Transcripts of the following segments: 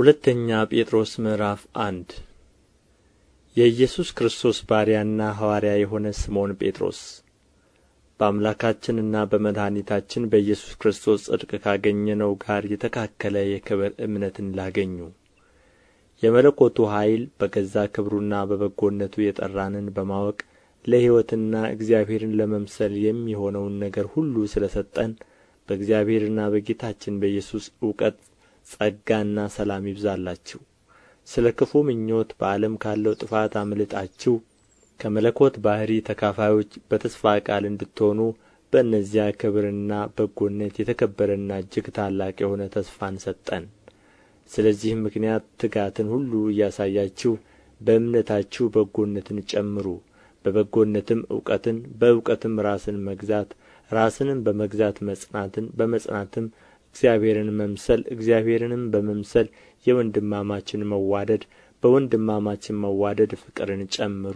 ሁለተኛ ጴጥሮስ ምዕራፍ አንድ የኢየሱስ ክርስቶስ ባሪያና ሐዋርያ የሆነ ስምዖን ጴጥሮስ በአምላካችንና በመድኃኒታችን በኢየሱስ ክርስቶስ ጽድቅ ካገኘነው ጋር የተካከለ የክብር እምነትን ላገኙ የመለኮቱ ኃይል በገዛ ክብሩና በበጎነቱ የጠራንን በማወቅ ለሕይወትና እግዚአብሔርን ለመምሰል የሚሆነውን ነገር ሁሉ ስለ ሰጠን በእግዚአብሔርና በጌታችን በኢየሱስ እውቀት ጸጋና ሰላም ይብዛላችሁ ስለ ክፉ ምኞት በዓለም ካለው ጥፋት አምልጣችሁ ከመለኮት ባሕሪ ተካፋዮች በተስፋ ቃል እንድትሆኑ በእነዚያ ክብርና በጎነት የተከበረና እጅግ ታላቅ የሆነ ተስፋን ሰጠን። ስለዚህም ምክንያት ትጋትን ሁሉ እያሳያችሁ በእምነታችሁ በጎነትን ጨምሩ፣ በበጎነትም እውቀትን፣ በእውቀትም ራስን መግዛት፣ ራስንም በመግዛት መጽናትን፣ በመጽናትም እግዚአብሔርን መምሰል እግዚአብሔርንም በመምሰል የወንድማማችን መዋደድ በወንድማማችን መዋደድ ፍቅርን ጨምሩ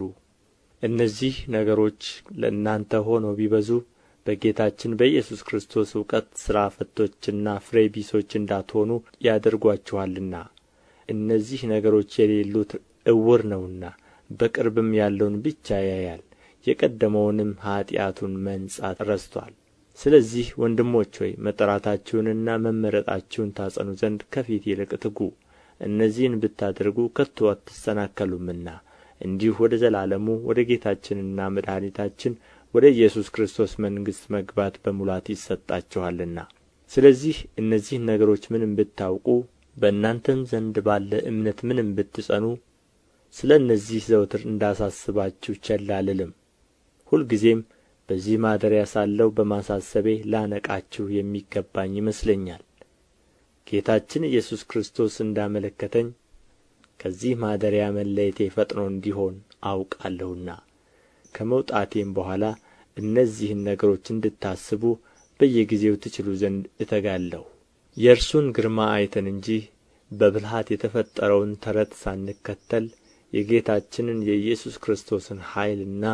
እነዚህ ነገሮች ለእናንተ ሆነው ቢበዙ በጌታችን በኢየሱስ ክርስቶስ እውቀት ሥራ ፈቶችና ፍሬ ቢሶች እንዳትሆኑ ያደርጓችኋልና እነዚህ ነገሮች የሌሉት ዕውር ነውና በቅርብም ያለውን ብቻ ያያል የቀደመውንም ኀጢአቱን መንጻት ረስቶአል ስለዚህ ወንድሞች ሆይ መጠራታችሁንና መመረጣችሁን ታጸኑ ዘንድ ከፊት ይልቅ ትጉ እነዚህን ብታደርጉ ከቶ አትሰናከሉምና እንዲሁ ወደ ዘላለሙ ወደ ጌታችንና መድኃኒታችን ወደ ኢየሱስ ክርስቶስ መንግሥት መግባት በሙላት ይሰጣችኋልና ስለዚህ እነዚህን ነገሮች ምንም ብታውቁ በእናንተም ዘንድ ባለ እምነት ምንም ብትጸኑ ስለ እነዚህ ዘውትር እንዳሳስባችሁ ቸል አልልም ሁልጊዜም በዚህ ማደሪያ ሳለሁ በማሳሰቤ ላነቃችሁ የሚገባኝ ይመስለኛል ጌታችን ኢየሱስ ክርስቶስ እንዳመለከተኝ ከዚህ ማደሪያ መለየቴ ፈጥኖ እንዲሆን አውቃለሁና ከመውጣቴም በኋላ እነዚህን ነገሮች እንድታስቡ በየጊዜው ትችሉ ዘንድ እተጋለሁ የእርሱን ግርማ አይተን እንጂ በብልሃት የተፈጠረውን ተረት ሳንከተል የጌታችንን የኢየሱስ ክርስቶስን ኃይልና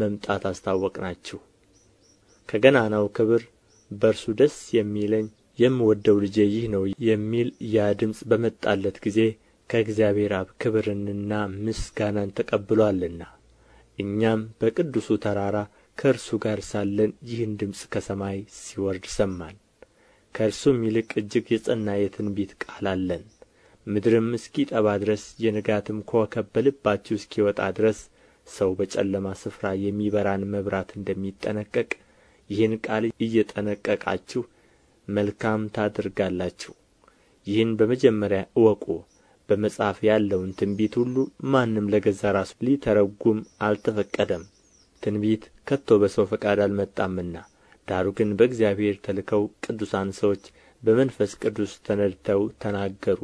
መምጣት አስታወቅናችሁ ከገናናው ክብር በእርሱ ደስ የሚለኝ የምወደው ልጄ ይህ ነው የሚል ያ ድምፅ በመጣለት ጊዜ ከእግዚአብሔር አብ ክብርንና ምስጋናን ተቀብሎአልና እኛም በቅዱሱ ተራራ ከእርሱ ጋር ሳለን ይህን ድምፅ ከሰማይ ሲወርድ ሰማን። ከእርሱም ይልቅ እጅግ የጸና የትንቢት ቃል አለን። ምድርም እስኪጠባ ድረስ የንጋትም ኮከብ በልባችሁ እስኪወጣ ድረስ ሰው በጨለማ ስፍራ የሚበራን መብራት እንደሚጠነቀቅ ይህን ቃል እየጠነቀቃችሁ መልካም ታደርጋላችሁ ይህን በመጀመሪያ እወቁ በመጽሐፍ ያለውን ትንቢት ሁሉ ማንም ለገዛ ራሱ ሊተረጉም አልተፈቀደም ትንቢት ከቶ በሰው ፈቃድ አልመጣምና ዳሩ ግን በእግዚአብሔር ተልከው ቅዱሳን ሰዎች በመንፈስ ቅዱስ ተነድተው ተናገሩ